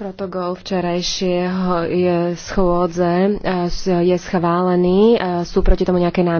Protokol včerajšieho je schôdze je schválený. Sú proti tomu nejaké námietky?